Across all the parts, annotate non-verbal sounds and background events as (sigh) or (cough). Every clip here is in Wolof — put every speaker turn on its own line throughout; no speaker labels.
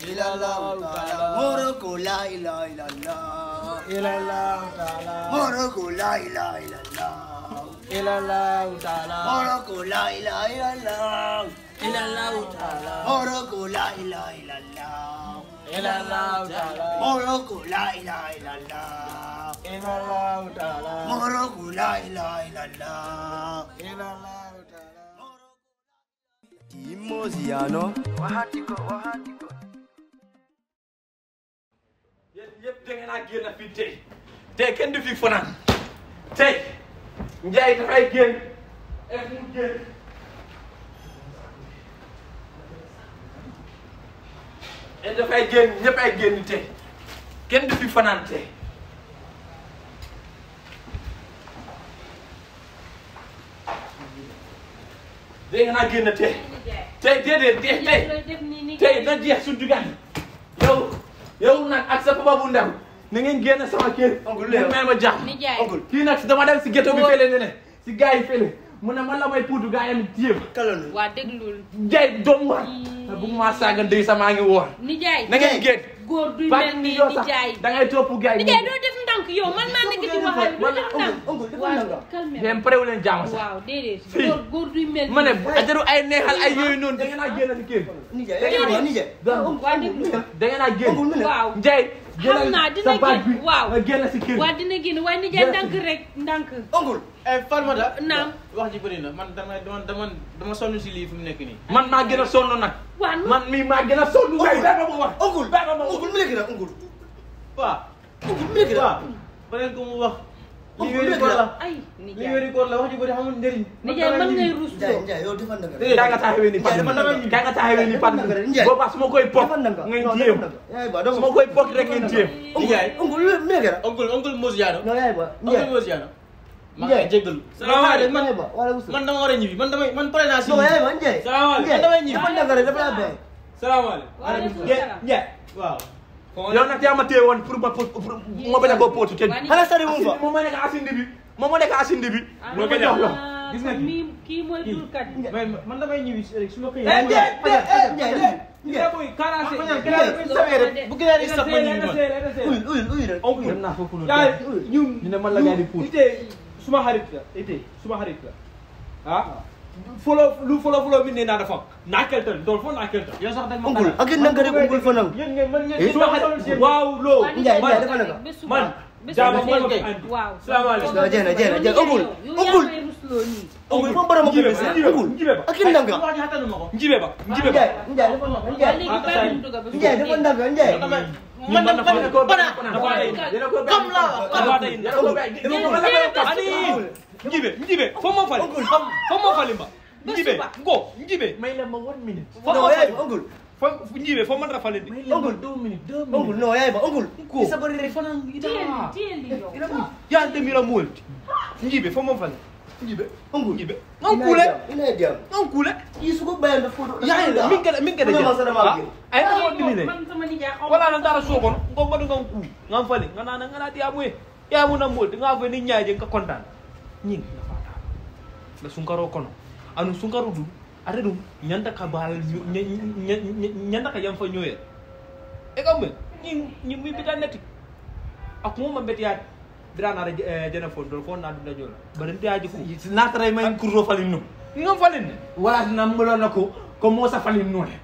Morocco, la la la la. Morocco, la la la la. Morocco, la la la la. Morocco, la la la la. Morocco, la la
la la. Morocco, la la la la.
Kimoziano. Wahatiko, wahatiko. ñëpp da ngeen a génn fii tey kenn du fi fanaan tey Njaay dafay génn et mu génn génn ñëpp ay génn tey kenn du fi fanaan tey da ngeen a génn tey tey déedéet
tey
tey na jeex su diggante yow na ak sa papa bu ndaw na ngeen génn sama kër.
ongul léegi ma jàpp
ongul kii nag dama dem si ghetto bi fële ne si gars yi fële mu ne man la may puutu gars yi am jéem. kalalu
waa déglul.
jaay doomu war. bu ma saagal ndey sa maa ngi woor.
nijaay na ngeen génn. góor duñ mel ni nijaay
da ngay topp gars yi. nijaay doo
def tànk yow man maa nekk di waxal lu tax tànk waaw calme mais pare wu leen jaama sax waaw déedéet góor góor duy mel ma ne ajaru ay neexal ay
yooyu noonu da ngeen a génn ni kii da ngeen a génn waaw Ndiaye xam naa dina génn waaw génn
si kër waaw dina génn waaye Ndiaye ndànk rek ndànk ongul
eh, Farmata naam wax ji bëri na man dama dama dama dama sonn si lii fi mu nekk nii man maa gën a sonn nag man mii maa gën a sonn bay ba ma wax ongul bay ba ma wax ongul mu léegi na ongul waaw léegi la ba leen ko mu wax.
li wéri koor la li wéri
koor la wax ji bëri xamul njëriñ. nijaay mën ngay
ruus loo nijaay yow defal na nga. daa nga
taxawee ni pàcc daa nga taxawee ni pàcc booba su ma koy pok ngay jéem su ma koy pok rek ngay jéem. nijaay oncle léegi la oncle oncle Mosiano. non yaay ba oncle Mosiano. ma ngi jégalu. salaamaaleykum man man dama war a ñibbi man damay man pare naa si. non yaay ba njëriñ. salaamaaleykum man damay ñibbi. defal na nga rek dafa laa bàyyi. salaamaaleykum. waaleykum salaam yow nag yaa ma téye woon pour ma pour ma bañ a ko pootu te xanaa sori wu fa moom moo nekk asindi bi moo ah, moo ko jox ah, la gis nga kii mooy dulkat man damay su ma koy Ngeebu karase ngeebu bu gënal sax ma ñu ma uy uy uy rek onku foofu ñu ne man suma xarit la ah? follow lu follow follow bi nee naa dafa naa keltal doon foofu naa keltal. yow sax dañ ma ungul ak yéen nga rek ungul fa nangu. yéen ngeen mën ngeen waaw loo. Ndiaye Ndiaye dafa naka man. jaama moo ma fi andi. waaw salaamaaleykum. jeex na jeex na jeex ungul ungul. ungul foofu borom a ko bese ungul ak yéen ndànk. njibe ba njibe ba. Ndiaye Ndiaye dafa naka Ndiaye. Ndiaye dafa naka Ndiaye. ñu mën na faa ko bana comme la wax njibe njibe fo mo fali fo mo fali mba njibe ngo njibe may la ma one minute fo mo fali ogul fo njibe fo man rafale di ogul deux minutes deux minutes ogul no yaay ba ogul ko isa bari re fana ida ya ndemira muwelti njibe fo mo fali ñibe ongu ñibe non kuule ina diam kuule yi su ko min kada min kada jaa ay na mo ni man
sama ni jaa wala na dara sokon
ngo madu ngam ku ngam fali ngana na ngana ti abu ya nga fa ni nyaaje ka kontan
ñing na fa ta
da sunkaro kono anu sunkaru du ade dum nyanda ka bal nyanda ka yam fa ñoyel e kambe ñing ñi mi bitan neti ak mo ma bet biraanaɗo jene fo dol ko naɗumɗa joola mbaɗen teyaji ko natara mayen courto falin num ngam falinne wala nambalona ko ko moosa falin nuune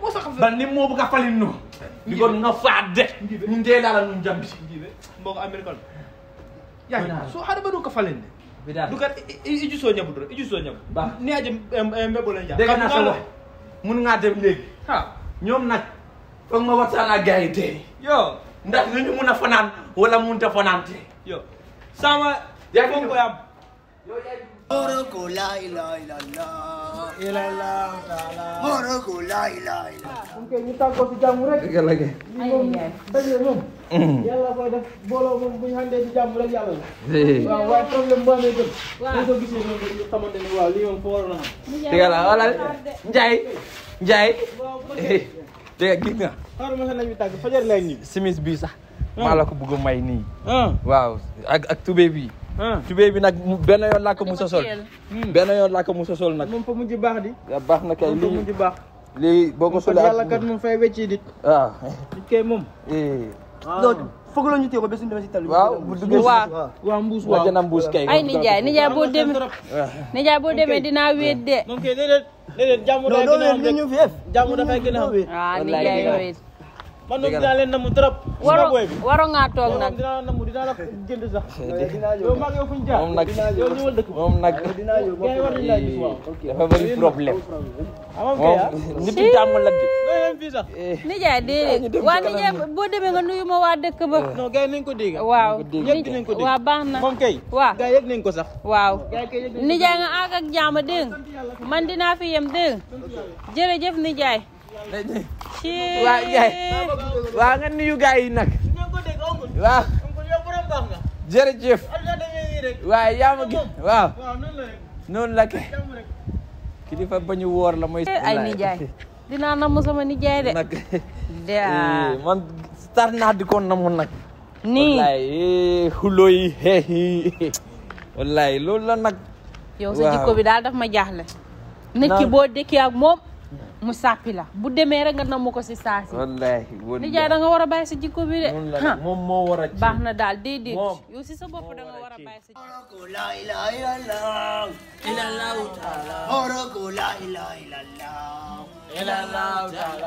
nu i juso ñabu doro i juso ñabu ni a mbeɓolen ja dégg naa sa wax mun ngaa dem léegi ha ñoom nag foog ma waxtaan ak gars yi tey yo ndax mun a fanaan wala munta fanaan tey sama ya Koyam. Moroku lai lai lai lai Mungkin kita kau si jamurek. Tiga lagi. pada hmm. di
Tiga lah oh, jai jai
Tiga gitu fajar lagi mala ko bëgg may ni waaw ak ak tubéy bi. tubéy bi nak ben yon la ko musa sol. ben yon la ko musa sol nak mom fa ji bax di. Ya, bax na kay li mu ji bax li boko solee ak yàlla kat mu fay wecci dit. Ah. Eh. waaw nit kay mom eh foog la ñu téye ko ba suñu demee si waaw bu duggee
mbuus mbuus kay. ay de. moom kay déedéet déedéet jàmm dafay gën a am ah, de.
man moom dinaa leen namm trop. waroo
waroo ngaa toog nag dinaa namm dinaa la jënd sax. (laughs) yow maa ngi moom nag moom nag nijaay déedéet waa nijaay boo demee nga nuyu ma waa dëkk ba. Eh. non gars yi nañ ko dégg. waaw ñëpp ko dégg waaw baax na moom kay. ko sax. waaw nijaay nga àgg ak jaama dégg man dinaa fi yem dégg jërëjëf nijaay
waaw nga nuyu gars
yi nag waaw
jërëjëf waaw yaa ma gi waaw noonu la ke kilifa bañu woor la mooy ay nijaay
dinaa namm sama nijaay de nag
eh, di ko namu nag nii wallaay xuloo yi xeexi wallaay la nag
yow sa jikko bi daf ma jaaxle nit ki boo dëkkee ak moom mu sàppi la bu demee rek nga namm ko si saa si. wallaahi wallaahi nijaay da nga war a bàyyi sa jikko bi de. moom moo war a baax na daal déedéet. moom yow si sa bopp da nga war a bàyyi sa jikko. la ilaha illallah. illallah taala. moroko la ilaha illallah. illallah taala.